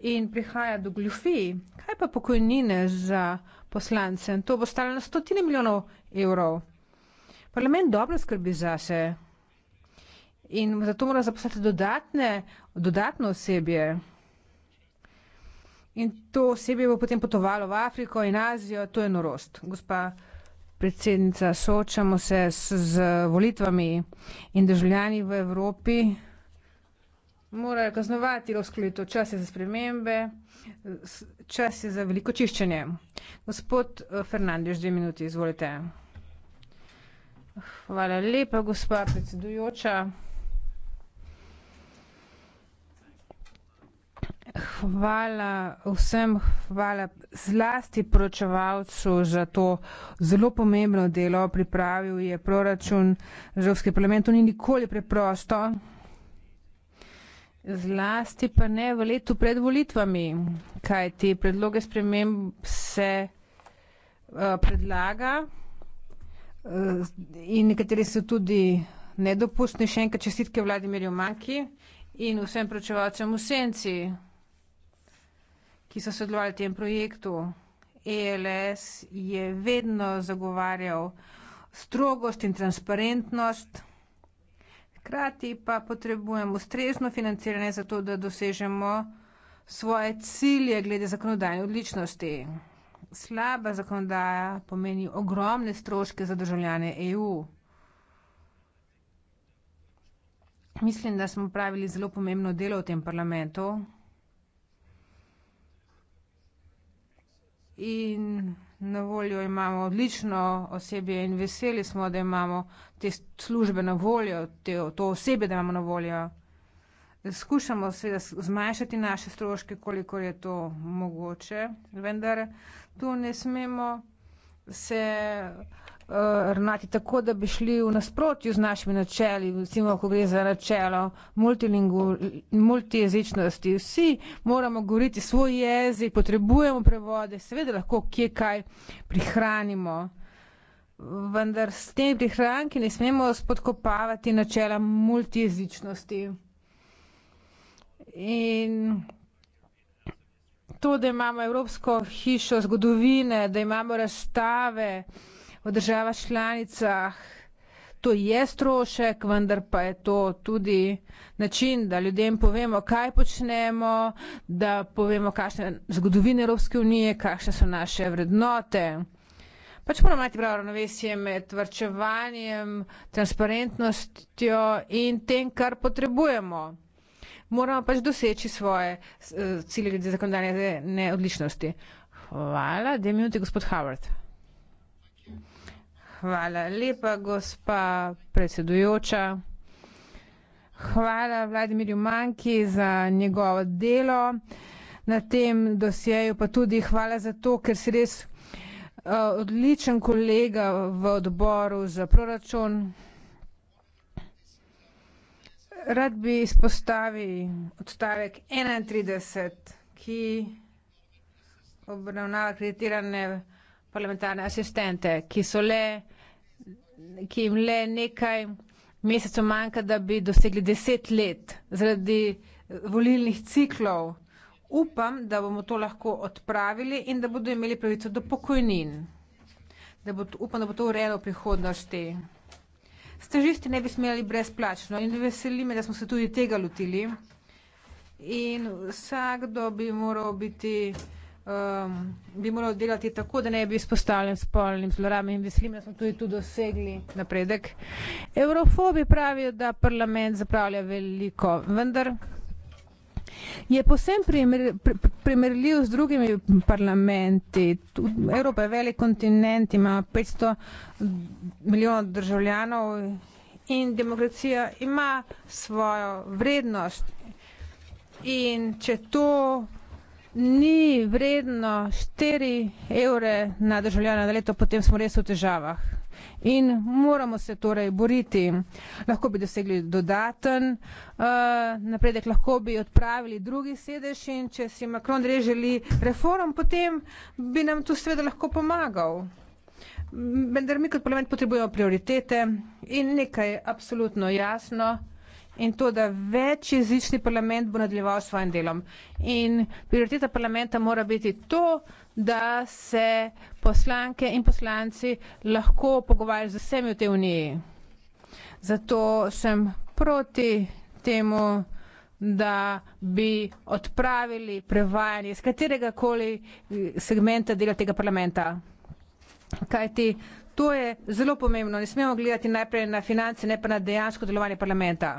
in prihaja do glufij. Kaj pa pokojnine za poslance? To bo stalo na stotine milijonov evrov. Parlament dobro skrbi za se in zato mora zaposlati dodatne, dodatno osebje. In to osebje bo potem potovalo v Afriko in Azijo, to je norost. Gospa predsednica, soočamo se s, z volitvami in državljani v Evropi morajo kaznovati razkrito. Čas je za spremembe, čas je za veliko čiščenje. Gospod eh, Fernandež, dve minuti, izvolite. Hvala lepa, gospa predsedujoča. hvala vsem, hvala zlasti poročevalcu za to zelo pomembno delo. Pripravil je proračun za Evropski parlament, to ni nikoli preprosto. Zlasti pa ne v letu pred volitvami, kaj te predloge sprememb se uh, predlaga uh, in nekateri so tudi nedopustni. Še enkrat čestitke vladi Mirjo Maki in vsem pročevalcem v senci ki so sodelovali v tem projektu. ELS je vedno zagovarjal strogost in transparentnost, hkrati pa potrebujemo strezno financiranje za to, da dosežemo svoje cilje glede zakonodajne odličnosti. Slaba zakonodaja pomeni ogromne stroške za državljane EU. Mislim, da smo pravili zelo pomembno delo v tem parlamentu. in na voljo imamo odlično osebje in veseli smo, da imamo te službe na voljo, te, to osebe, da imamo na voljo. Skušamo seveda zmanjšati naše stroške, koliko je to mogoče, vendar tu ne smemo se Eh, ravnati tako, da bi šli v nasprotju z našimi načeli, recimo, ko gre za načelo multijezičnosti. Vsi moramo govoriti svoj jezik, potrebujemo prevode, seveda lahko kje kaj prihranimo. Vendar s tem prihranki ne smemo spodkopavati načela multijezičnosti. In to, da imamo Evropsko hišo zgodovine, da imamo razstave, v državah članicah. To je strošek, vendar pa je to tudi način, da ljudem povemo, kaj počnemo, da povemo, kakšne zgodovine Evropske unije, kakšne so naše vrednote. Pač moramo imeti pravo ravnovesje med vrčevanjem, transparentnostjo in tem, kar potrebujemo. Moramo pač doseči svoje eh, cilje glede zakonodajne neodličnosti. Hvala, da je minuti gospod Howard. Hvala lepa, gospa predsedujoča. Hvala Vladimirju Manki za njegovo delo na tem dosjeju, pa tudi hvala za to, ker si res eh, odličen kolega v odboru za proračun. Rad bi izpostavil odstavek 31, ki obravnava kreditirane parlamentarne asistente, ki so le ki jim le nekaj mesecev manjka, da bi dosegli deset let zaradi eh, volilnih ciklov. Upam, da bomo to lahko odpravili in da bodo imeli pravico do pokojnin. Da bo, upam, da bo to urejeno v prihodnosti. Stažisti ne bi smeli brezplačno in veseli me, da smo se tudi tega lotili. In vsakdo bi moral biti um, bi moralo delati tako, da ne bi izpostavljen spolnim zlorabam in veselim, da smo tudi tu dosegli napredek. Eurofobi pravijo, da parlament zapravlja veliko, vendar je posem primer, pr, primerljiv z drugimi parlamenti. Tud, Evropa je velik kontinent, ima 500 milijonov državljanov in demokracija ima svojo vrednost. In če to ni vredno 4 evre na državljana na leto, potem smo res v težavah. In moramo se torej boriti. Lahko bi dosegli dodaten uh, napredek, lahko bi odpravili drugi sedež in če si Makron reželi reform, potem bi nam tu sveda lahko pomagal. Vendar mi kot parlament potrebujemo prioritete in nekaj absolutno jasno in to, da večjezični parlament bo nadaljeval s svojim delom. In prioriteta parlamenta mora biti to, da se poslanke in poslanci lahko pogovarjajo z vsemi v tej uniji. Zato sem proti temu, da bi odpravili prevajanje iz katerega koli eh, segmenta dela tega parlamenta. Kajti to je zelo pomembno. Ne smemo gledati najprej na finance, ne pa na dejansko delovanje parlamenta.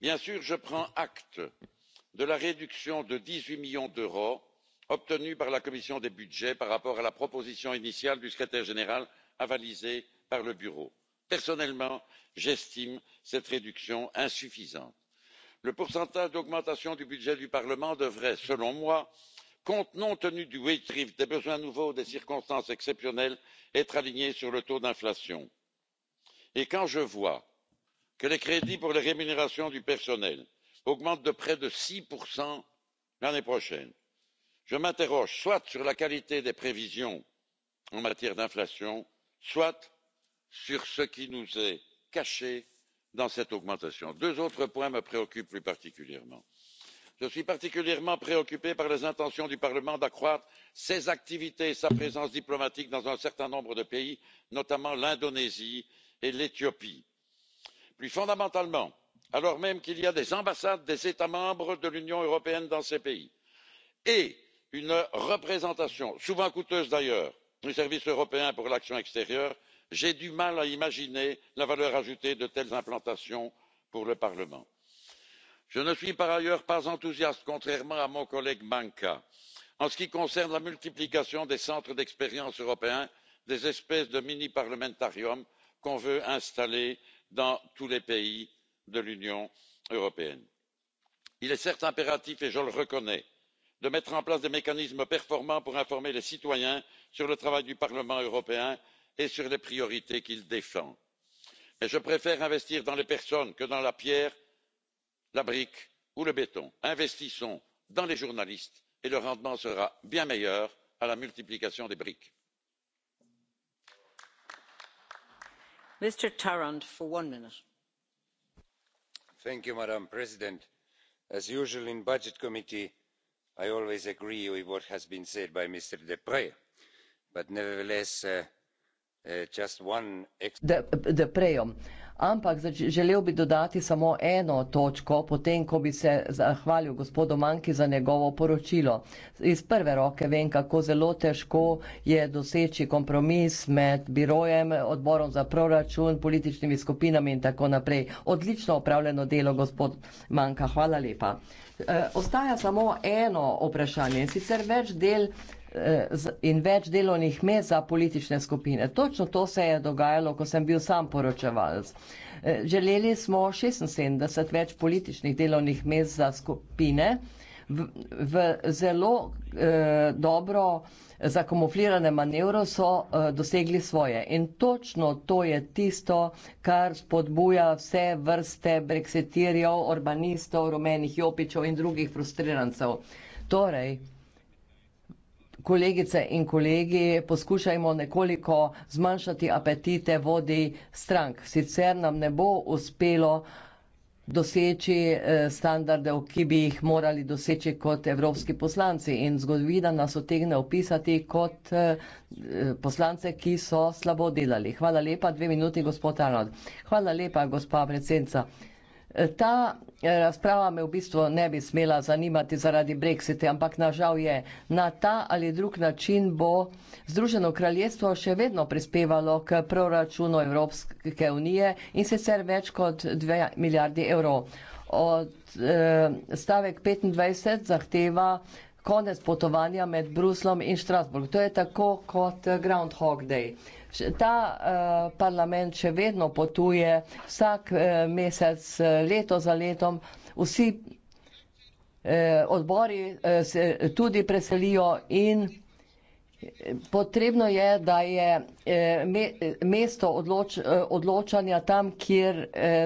bien sûr je prends acte de la réduction de dix huit millions d'euros obtenue par la commission des budgets par rapport à la proposition initiale du secrétaire général avalisée par le bureau. personnellement j'estime cette réduction insuffisante. le pourcentage d'augmentation du budget du parlement devrait selon moi compte non tenu du des besoins nouveaux des circonstances exceptionnelles être aligné sur le taux d'inflation et quand je vois que les crédits pour les rémunérations du personnel augmentent de près de six l'année prochaine je m'interroge soit sur la qualité des prévisions en matière d'inflation soit sur ce qui nous est caché dans cette augmentation. deux autres points me préoccupent plus particulièrement. je suis particulièrement préoccupé par les intentions du parlement d'accroître ses activités et sa présence diplomatique dans un certain nombre de pays notamment l'indonésie et l'éthiopie plus fondamentalement alors même qu'il y a des ambassades des états membres de l'union européenne dans ces pays et une représentation souvent coûteuse d'ailleurs du service européen pour l'action extérieure j'ai du mal à imaginer la valeur ajoutée de telles implantations pour le parlement. je ne suis par ailleurs pas enthousiaste contrairement à mon collègue maka en ce qui concerne la multiplication des centres d'expérience européens des espèces de mini parlamentariums qu'on veut installer dans dans tous les pays de l'union européenne. il est certes impératif et je le reconnais de mettre en place des mécanismes performants pour informer les citoyens sur le travail du parlement européen et sur les priorités qu'il défend mais je préfère investir dans les personnes que dans la pierre la brique ou le béton. investissons dans les journalistes et le rendement sera bien meilleur à la multiplication des briques. madam president as usual in the committee on budgets i always agree with what has been said by mr deprez but nevertheless uh, uh, just one. Ampak želel bi dodati samo eno točko, potem, ko bi se zahvalil gospodu Manki za njegovo poročilo. Iz prve roke vem, kako zelo težko je doseči kompromis med birojem, odborom za proračun, političnimi skupinami in tako naprej. Odlično opravljeno delo, gospod Manka. Hvala lepa. E, ostaja samo eno vprašanje. Sicer več del in več delovnih mest za politične skupine. Točno to se je dogajalo, ko sem bil sam poročevalc. E, želeli smo 76 več političnih delovnih mest za skupine v, v zelo eh, dobro zakamuflirane manevro so eh, dosegli svoje. In točno to je tisto, kar spodbuja vse vrste breksitirjev, urbanistov, rumenih jopičev in drugih frustrirancev. Torej, kolegice in kolegi, poskušajmo nekoliko zmanjšati apetite vodi strank. Sicer nam ne bo uspelo doseči eh, standardov, ki bi jih morali doseči kot evropski poslanci. In zgodovina nas otegne opisati kot eh, poslance, ki so slabo delali. Hvala lepa, dve minuti, gospod Arnold. Hvala lepa, gospa predsednica. Eh, ta Eh, razprava me v bistvu ne bi smela zanimati zaradi brexita, ampak nažal je. Na ta ali drug način bo Združeno kraljestvo še vedno prispevalo k proračunu Evropske unije in sicer več kot 2 milijardi evrov. Od eh, stavek 25 zahteva konec potovanja med Bruslom in Štrasburg. To je tako kot eh, Groundhog Day ta eh, parlament še vedno potuje vsak eh, mesec, eh, leto za letom, vsi odbori se tudi preselijo in potrebno je, da je mesto odloč, odločanja tam, kjer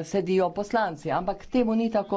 sedijo poslanci, ampak temu ni tako.